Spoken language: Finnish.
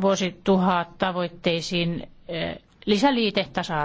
vuosituhat tavoitteisiin eh, lisäliite tasa-arvo.